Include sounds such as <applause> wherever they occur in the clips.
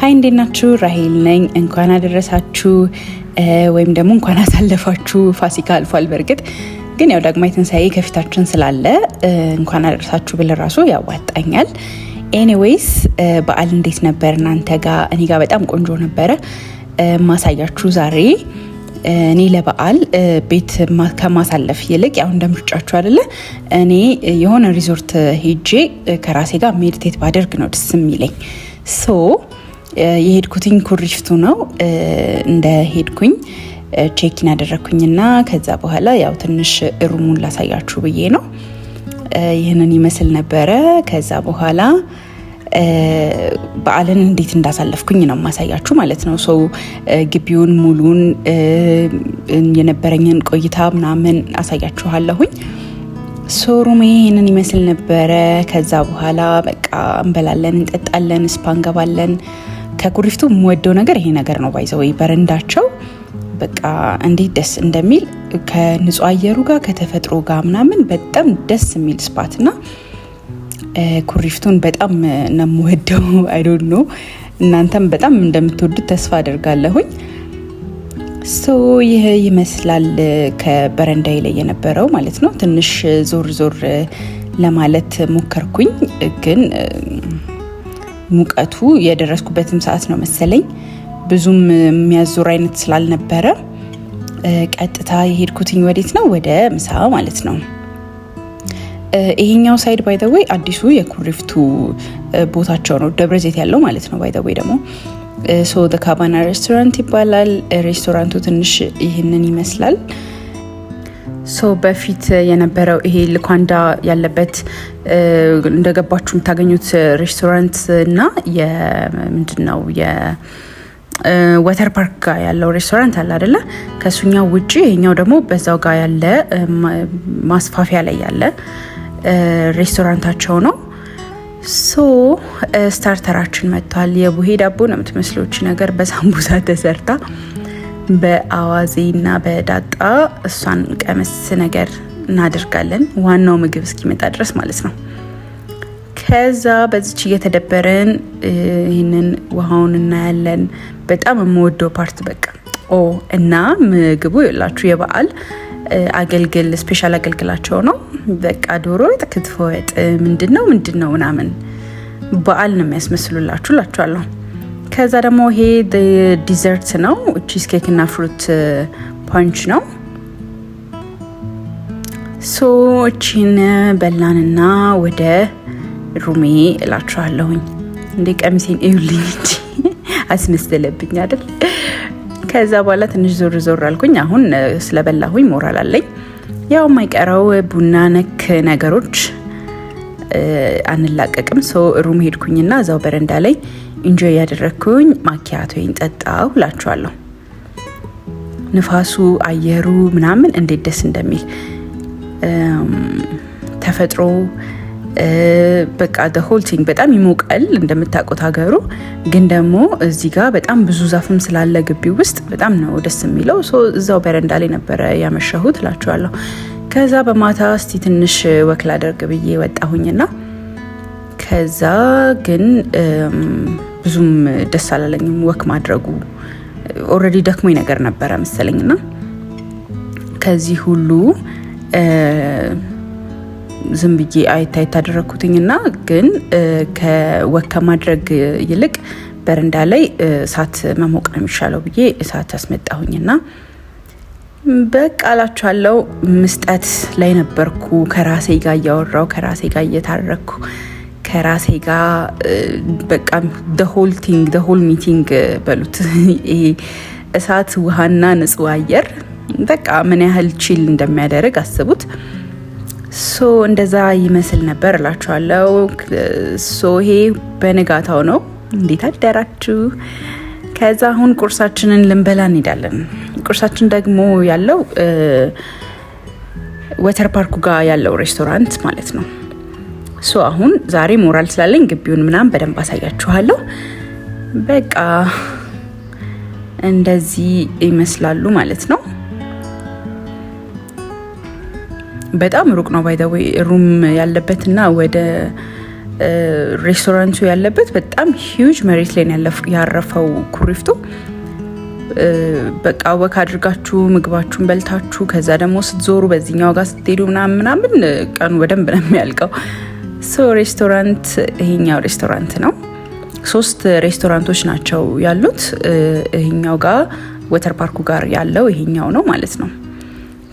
ሀይ እንዴናችሁ ራሄል ነኝ። እንኳን አደረሳችሁ ወይም ደግሞ እንኳን አሳለፋችሁ። ፋሲካ አልፏል በእርግጥ ግን ያው ዳግማዊ ትንሣኤ ከፊታችን ስላለ እንኳን አደረሳችሁ ብል ራሱ ያዋጣኛል። ኤኒዌይስ በዓል እንዴት ነበር እናንተ ጋ? እኔ ጋ በጣም ቆንጆ ነበረ። ማሳያችሁ ዛሬ እኔ ለበዓል ቤት ከማሳለፍ ይልቅ ያው እንደምርጫችሁ አደለ እኔ የሆነ ሪዞርት ሄጄ ከራሴ ጋር ሜዲቴት ባደርግ ነው ደስ የሚለኝ ሶ የሄድኩትኝ ኩሪፍቱ ነው። እንደ ሄድኩኝ ቼኪን ያደረግኩኝና ከዛ በኋላ ያው ትንሽ እሩሙን ላሳያችሁ ብዬ ነው። ይህንን ይመስል ነበረ። ከዛ በኋላ በዓልን እንዴት እንዳሳለፍኩኝ ነው ማሳያችሁ ማለት ነው። ሰው ግቢውን ሙሉን የነበረኝን ቆይታ ምናምን አሳያችኋለሁኝ። ሶሩሜ ይህንን ይመስል ነበረ። ከዛ በኋላ በቃ እንበላለን፣ እንጠጣለን፣ ስፓ እንገባለን። ከኩሪፍቱ የምወደው ነገር ይሄ ነገር ነው። ባይዘው በረንዳቸው በቃ እንዴት ደስ እንደሚል ከንጹህ አየሩ ጋር ከተፈጥሮ ጋር ምናምን በጣም ደስ የሚል ስፓት ና ኩሪፍቱን በጣም ነው የምወደው። አይዶን <laughs> ነው እናንተም በጣም እንደምትወዱት ተስፋ አደርጋለሁኝ። ሶ ይህ ይመስላል ከበረንዳይ ላይ የነበረው ማለት ነው። ትንሽ ዞር ዞር ለማለት ሞከርኩኝ ግን ሙቀቱ የደረስኩበትም ሰዓት ነው መሰለኝ ብዙም የሚያዙር አይነት ስላልነበረ ቀጥታ የሄድኩትኝ ወዴት ነው? ወደ ምሳ ማለት ነው። ይሄኛው ሳይድ ባይተወይ አዲሱ የኩሪፍቱ ቦታቸው ነው ደብረዘይት ያለው ማለት ነው። ባይተወይ ደግሞ ሶ ካባና ሬስቶራንት ይባላል። ሬስቶራንቱ ትንሽ ይህንን ይመስላል። ሶ በፊት የነበረው ይሄ ልኳንዳ ያለበት እንደገባችሁ የምታገኙት ሬስቶራንት እና ምንድን ነው ፓርክ ጋር ያለው ሬስቶራንት አለ አደለ? ከእሱኛው ውጭ ይሄኛው ደግሞ በዛው ጋር ያለ ማስፋፊያ ላይ ያለ ሬስቶራንታቸው ነው። ሶ ስታርተራችን መጥቷል። የቡሄ ዳቦ ነው የምትመስሎች ነገር በሳምቡሳ ተሰርታ በአዋዜና በዳጣ እሷን ቀመስ ነገር እናደርጋለን። ዋናው ምግብ እስኪመጣ ድረስ ማለት ነው። ከዛ በዚች እየተደበረን ይህንን ውሃውን እናያለን። በጣም የምወደው ፓርት በቃ ኦ እና ምግቡ የላችሁ የበዓል አገልግል ስፔሻል አገልግላቸው ነው። በቃ ዶሮ ወጥ፣ ክትፎ ወጥ ምንድን ነው ምንድን ነው ምናምን በዓል ነው የሚያስመስሉላችሁ ላችኋለሁ። ከዛ ደግሞ ይሄ ዲዘርት ነው። ቺዝ ኬክ እና ፍሩት ፓንች uh, ነው። ሶ እቺን uh, በላንና ወደ ሩሜ እላችኋለሁኝ። እንደ ቀሚሴን እዩልኝ እንጂ <laughs> አስመስለብኝ አይደል? ከዛ በኋላ ትንሽ ዞር ዞር አልኩኝ። አሁን uh, ስለበላሁኝ ሞራል አለኝ። ያው የማይቀረው ቡና ነክ ነገሮች አንላቀቅም። ሰው ሩም ሄድኩኝና እዛው በረንዳ ላይ ኢንጆይ ያደረግኩኝ ማኪያቶይን ጠጣው እላችኋለሁ። ንፋሱ፣ አየሩ ምናምን እንዴት ደስ እንደሚል ተፈጥሮ በቃ ደ ሆል ቲንግ በጣም ይሞቃል እንደምታውቁት ሀገሩ። ግን ደግሞ እዚህ ጋር በጣም ብዙ ዛፍም ስላለ ግቢ ውስጥ በጣም ነው ደስ የሚለው። እዛው በረንዳ ላይ ነበረ ያመሸሁት እላችኋለሁ። ከዛ በማታ እስቲ ትንሽ ወክ ላደርግ ብዬ ወጣሁኝና ከዛ ግን ብዙም ደስ አላለኝም ወክ ማድረጉ። ኦልሬዲ ደክሞኝ ነገር ነበረ መሰለኝና ከዚህ ሁሉ ዝም ብዬ አይታ አየት ግን ከወክ ከማድረግ ይልቅ በረንዳ ላይ እሳት መሞቅ ነው የሚሻለው ብዬ እሳት አስመጣሁኝና በቃ ምስጠት ላይ ነበርኩ። ከራሴ ጋር እያወራው ከራሴ ጋር እየታረኩ ከራሴ ጋር በቃ ደሆል ቲንግ ደሆል ሚቲንግ በሉት ይሄ እሳት ውሃና ንጹህ አየር በቃ ምን ያህል ቺል እንደሚያደርግ አስቡት። ሶ እንደዛ ይመስል ነበር እላችኋለሁ። ሶ ይሄ በንጋታው ነው። እንዴት አደራችሁ? ከዛ አሁን ቁርሳችንን ልንበላ እንሄዳለን። ቁርሳችን ደግሞ ያለው ወተር ፓርኩ ጋር ያለው ሬስቶራንት ማለት ነው። ሶ አሁን ዛሬ ሞራል ስላለኝ ግቢውን ምናምን በደንብ አሳያችኋለሁ። በቃ እንደዚህ ይመስላሉ ማለት ነው። በጣም ሩቅ ነው ባይዘዌ ሩም ያለበትና ወደ ሬስቶራንቱ ያለበት በጣም ሂዩጅ መሬት ላይ ያረፈው ኩሪፍቱ በቃ ወክ አድርጋችሁ ምግባችሁን በልታችሁ ከዛ ደግሞ ስትዞሩ በዚህኛው ጋር ስትሄዱ ምናምን ምናምን ቀኑ በደንብ ነው የሚያልቀው። ሶ ሬስቶራንት ይሄኛው ሬስቶራንት ነው። ሶስት ሬስቶራንቶች ናቸው ያሉት። ይሄኛው ጋር ወተር ፓርኩ ጋር ያለው ይሄኛው ነው ማለት ነው።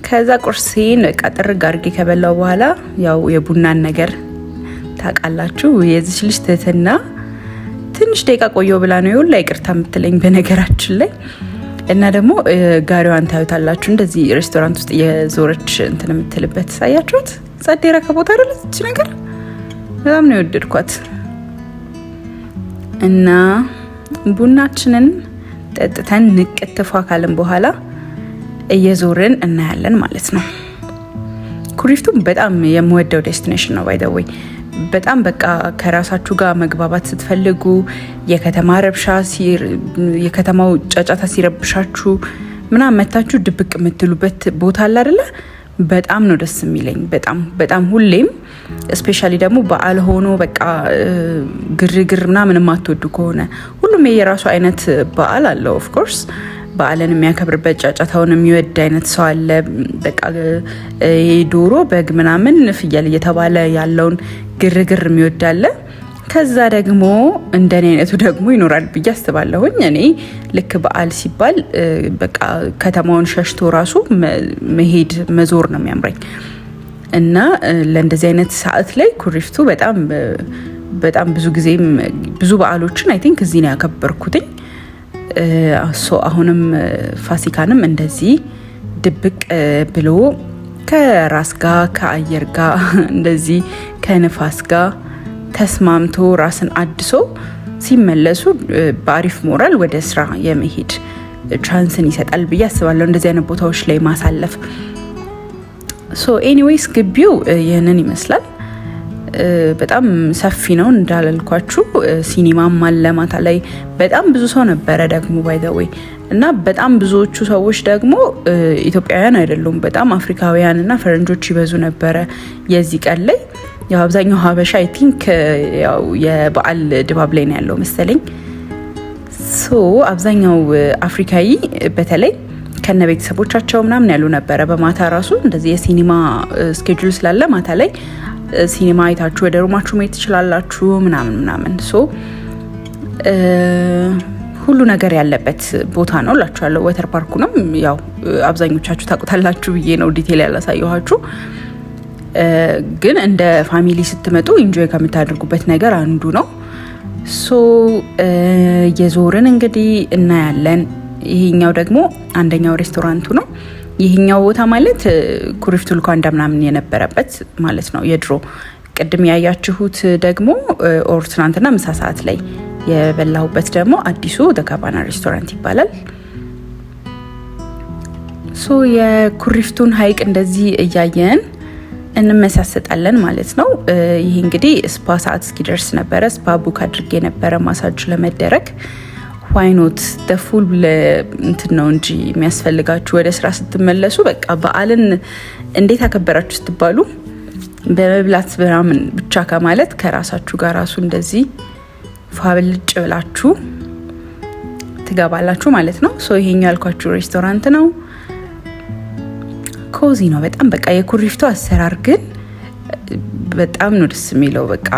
ከዛ ቁርሴን በቃ ጋርጌ ከበላው በኋላ ያው የቡናን ነገር ታውቃላችሁ። የዚች ልጅ ትህትና ትንሽ ደቂቃ ቆየው ብላ ነው ይሁን ላይ ይቅርታ የምትለኝ በነገራችን ላይ እና ደግሞ ጋሪዋን ታዩታላችሁ። እንደዚህ ሬስቶራንት ውስጥ የዞረች እንትን የምትልበት ሳያችሁት ጸዴ ረከቦት አይደለች ነገር በጣም ነው የወደድኳት። እና ቡናችንን ጠጥተን ንቅትፏ ካልን በኋላ እየዞርን እናያለን ማለት ነው። ኩሪፍቱም በጣም የምወደው ዴስቲኔሽን ነው ባይ ዘ ወይ በጣም በቃ ከራሳችሁ ጋር መግባባት ስትፈልጉ የከተማ ረብሻ፣ የከተማው ጫጫታ ሲረብሻችሁ ምናምን መታችሁ ድብቅ የምትሉበት ቦታ አለ አይደለ? በጣም ነው ደስ የሚለኝ። በጣም በጣም ሁሌም እስፔሻሊ ደግሞ በዓል ሆኖ በቃ ግርግር ምናምን የማትወዱ ከሆነ ሁሉም የራሱ አይነት በዓል አለው ኦፍኮርስ በዓልን የሚያከብርበት ጫጫታውን የሚወድ አይነት ሰው አለ። በቃ ዶሮ በግ ምናምን ፍየል እየተባለ ያለውን ግርግር የሚወድ አለ። ከዛ ደግሞ እንደኔ አይነቱ ደግሞ ይኖራል ብዬ አስባለሁኝ። እኔ ልክ በዓል ሲባል በቃ ከተማውን ሸሽቶ ራሱ መሄድ መዞር ነው የሚያምረኝ እና ለእንደዚህ አይነት ሰዓት ላይ ኩሪፍቱ በጣም በጣም ብዙ ጊዜም ብዙ በዓሎችን አይ ቲንክ እዚህ ነው ያከበርኩትኝ። አሁንም ፋሲካንም እንደዚህ ድብቅ ብሎ ከራስ ጋር ከአየር ጋር እንደዚህ ከንፋስ ጋር ተስማምቶ ራስን አድሶ ሲመለሱ በአሪፍ ሞራል ወደ ስራ የመሄድ ቻንስን ይሰጣል ብዬ አስባለሁ። እንደዚህ አይነት ቦታዎች ላይ ማሳለፍ ሶ ኤኒዌይስ ግቢው ይህንን ይመስላል። በጣም ሰፊ ነው እንዳልኳችሁ። ሲኒማም አለ ማታ ላይ በጣም ብዙ ሰው ነበረ ደግሞ ባይዘወይ እና በጣም ብዙዎቹ ሰዎች ደግሞ ኢትዮጵያውያን አይደሉም። በጣም አፍሪካውያን እና ፈረንጆች ይበዙ ነበረ የዚህ ቀን ላይ። ያው አብዛኛው ሀበሻ አይ ቲንክ ያው የበዓል ድባብ ላይ ነው ያለው መሰለኝ። ሶ አብዛኛው አፍሪካዊ በተለይ ከነ ቤተሰቦቻቸው ምናምን ያሉ ነበረ። በማታ ራሱ እንደዚህ የሲኒማ ስኬጁል ስላለ ማታ ላይ ሲኒማ አይታችሁ ወደ ሩማችሁ መሄድ ትችላላችሁ ምናምን ምናምን ሶ ሁሉ ነገር ያለበት ቦታ ነው ያለው ወተር ነው ያው አብዛኞቻችሁ ታቁታላችሁ ብዬ ነው ዲቴል ያላሳየኋችሁ። ግን እንደ ፋሚሊ ስትመጡ ኢንጆይ ከምታደርጉበት ነገር አንዱ ነው። ሶ የዞርን እንግዲህ እናያለን። ይሄኛው ደግሞ አንደኛው ሬስቶራንቱ ነው። ይህኛው ቦታ ማለት ኩሪፍቱ ልኳ ምናምን የነበረበት ማለት ነው የድሮ። ቅድም ያያችሁት ደግሞ ኦር ትናንትና ምሳ ሰዓት ላይ የበላሁበት ደግሞ አዲሱ ተካባና ሬስቶራንት ይባላል። ሶ የኩሪፍቱን ሀይቅ እንደዚህ እያየን እንመሳሰጣለን ማለት ነው። ይህ እንግዲህ ስፓ ሰዓት እስኪደርስ ነበረ ስፓ ቡክ አድርጌ ነበረ ማሳጁ ለመደረግ ዋይኖት ደፉል እንትን ነው እንጂ የሚያስፈልጋችሁ ወደ ስራ ስትመለሱ በቃ በዓልን እንዴት አከበራችሁ ስትባሉ በመብላት ምናምን ብቻ ከማለት ከራሳችሁ ጋር ራሱ እንደዚህ ፋብልጭ ብላችሁ ትገባላችሁ ማለት ነው። ሶ ይሄኛ ያልኳችሁ ሬስቶራንት ነው። ኮዚ ነው በጣም በቃ የኩሪፍቱ አሰራር ግን በጣም ነው ደስ የሚለው። በቃ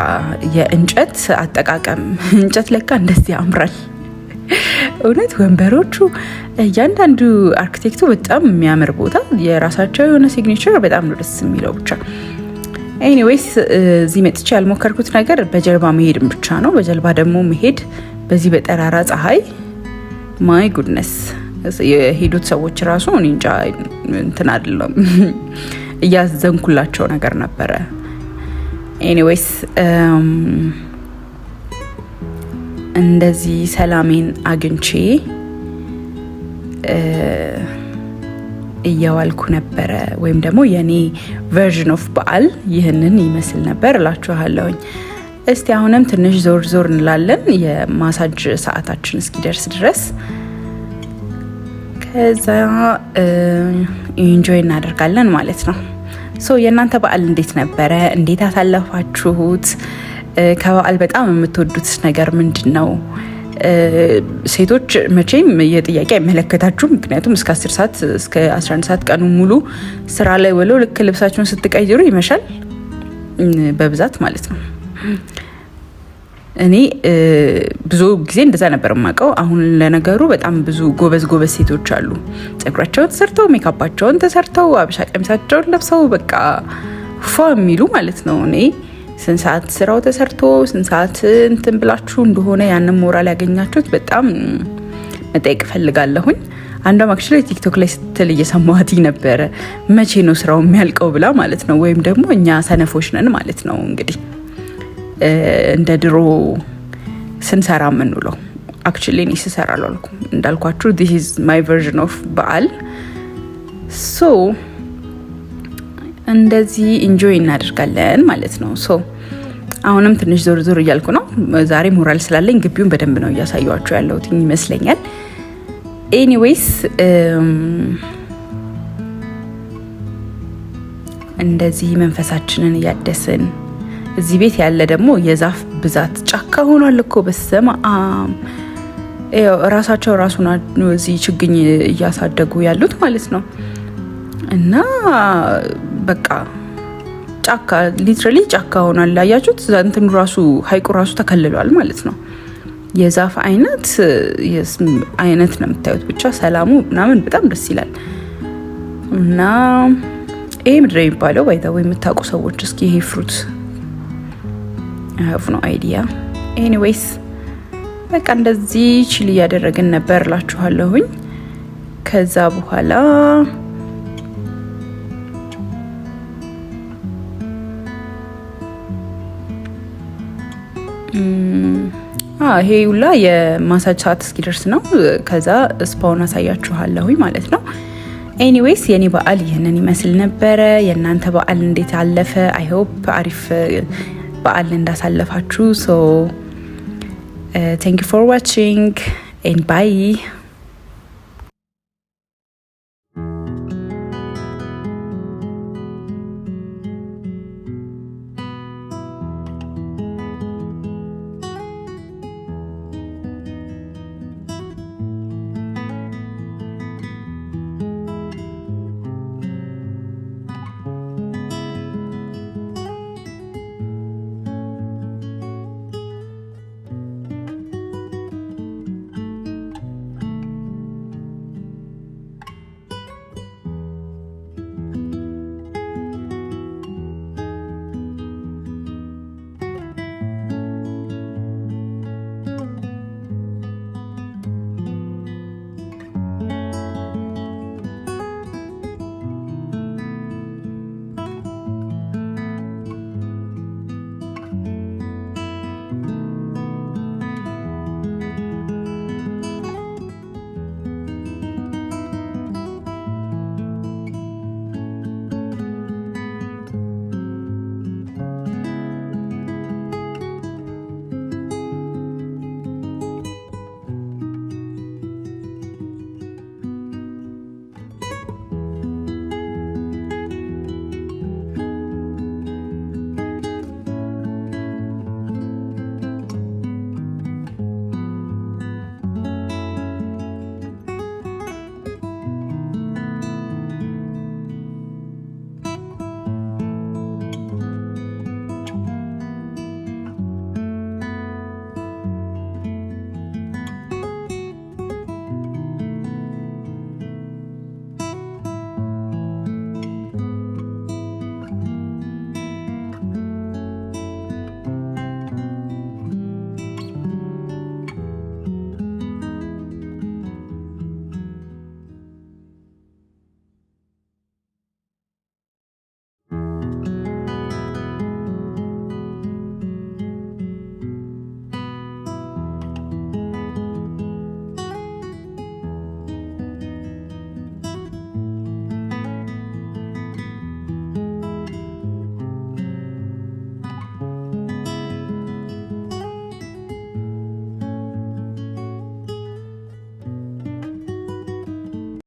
የእንጨት አጠቃቀም <laughs> እንጨት ለካ እንደዚህ ያምራል። እውነት ወንበሮቹ እያንዳንዱ አርክቴክቱ በጣም የሚያምር ቦታ የራሳቸው የሆነ ሲግኔቸር በጣም ነው ደስ የሚለው። ብቻ ኤኒዌይስ እዚህ መጥቼ ያልሞከርኩት ነገር በጀልባ መሄድም ብቻ ነው። በጀልባ ደግሞ መሄድ በዚህ በጠራራ ፀሐይ ማይ ጉድነስ የሄዱት ሰዎች ራሱ እንጃ እንትን አይደለም <laughs> እያዘንኩላቸው ነገር ነበረ። ኤኒዌይስ እንደዚህ ሰላሜን አግኝቼ እየዋልኩ ነበረ። ወይም ደግሞ የኔ ቨርዥን ኦፍ በዓል ይህንን ይመስል ነበር እላችኋለሁኝ። እስቲ አሁንም ትንሽ ዞር ዞር እንላለን የማሳጅ ሰዓታችን እስኪደርስ ድረስ። ከዛ ኢንጆይ እናደርጋለን ማለት ነው። ሶ የእናንተ በዓል እንዴት ነበረ? እንዴት አሳለፋችሁት? ከበዓል በጣም የምትወዱት ነገር ምንድን ነው? ሴቶች መቼም የጥያቄ አይመለከታችሁም። ምክንያቱም እስከ 10 ሰዓት እስከ 11 ሰዓት ቀኑ ሙሉ ስራ ላይ ውለው ልክ ልብሳችሁን ስትቀይሩ ይመሻል በብዛት ማለት ነው። እኔ ብዙ ጊዜ እንደዛ ነበር የማውቀው። አሁን ለነገሩ በጣም ብዙ ጎበዝ ጎበዝ ሴቶች አሉ። ጸጉራቸውን ተሰርተው ሜካፓቸውን ተሰርተው አበሻ ቀሚሳቸውን ለብሰው በቃ ፏ የሚሉ ማለት ነው እኔ ስንት ሰዓት ስራው ተሰርቶ ስንት ሰዓት እንትን ብላችሁ እንደሆነ ያንን ሞራል ያገኛችሁት በጣም መጠየቅ እፈልጋለሁኝ። አንዷም አክቹዋሊ ቲክቶክ ላይ ስትል እየሰማዋት ነበረ፣ መቼ ነው ስራው የሚያልቀው ብላ ማለት ነው። ወይም ደግሞ እኛ ሰነፎች ነን ማለት ነው እንግዲህ እንደ ድሮ ስንሰራ የምንውለው አክቹዋሊ እኔ ስሰራ አላልኩም እንዳልኳችሁ ዲስ ኢዝ ማይ ቨርዥን ኦፍ በዓል ሶ እንደዚህ ኢንጆይ እናደርጋለን ማለት ነው። ሶ አሁንም ትንሽ ዞር ዞር እያልኩ ነው። ዛሬ ሞራል ስላለኝ ግቢውን በደንብ ነው እያሳየዋቸው ያለሁት ይመስለኛል። ኤኒዌይስ um, እንደዚህ መንፈሳችንን እያደስን እዚህ ቤት ያለ ደግሞ የዛፍ ብዛት ጫካ ሆኗል እኮ በስመ ራሳቸው ራሱ እዚህ ችግኝ እያሳደጉ ያሉት ማለት ነው እና በቃ ጫካ ሊትራሊ ጫካ ሆኗል። ላያችሁት እንትን ራሱ ሀይቁ ራሱ ተከልሏል ማለት ነው። የዛፍ አይነት አይነት ነው የምታዩት። ብቻ ሰላሙ ምናምን በጣም ደስ ይላል እና ይሄ ምድር የሚባለው ባይታወ የምታውቁ ሰዎች እስኪ ይሄ ፍሩት ሀፍ ነው አይዲያ። ኤኒዌይስ በቃ እንደዚህ ችል እያደረግን ነበር እላችኋለሁኝ ከዛ በኋላ ይሄ ሁላ የማሳጅ ሰዓት እስኪደርስ ነው። ከዛ ስፓውን አሳያችኋለሁ ማለት ነው። ኤኒዌይስ የኔ በዓል ይህንን ይመስል ነበረ። የእናንተ በዓል እንዴት አለፈ? አይሆፕ አሪፍ በዓል እንዳሳለፋችሁ። ሶ ቴንክ ዩ ፎር ኤንድ ባይ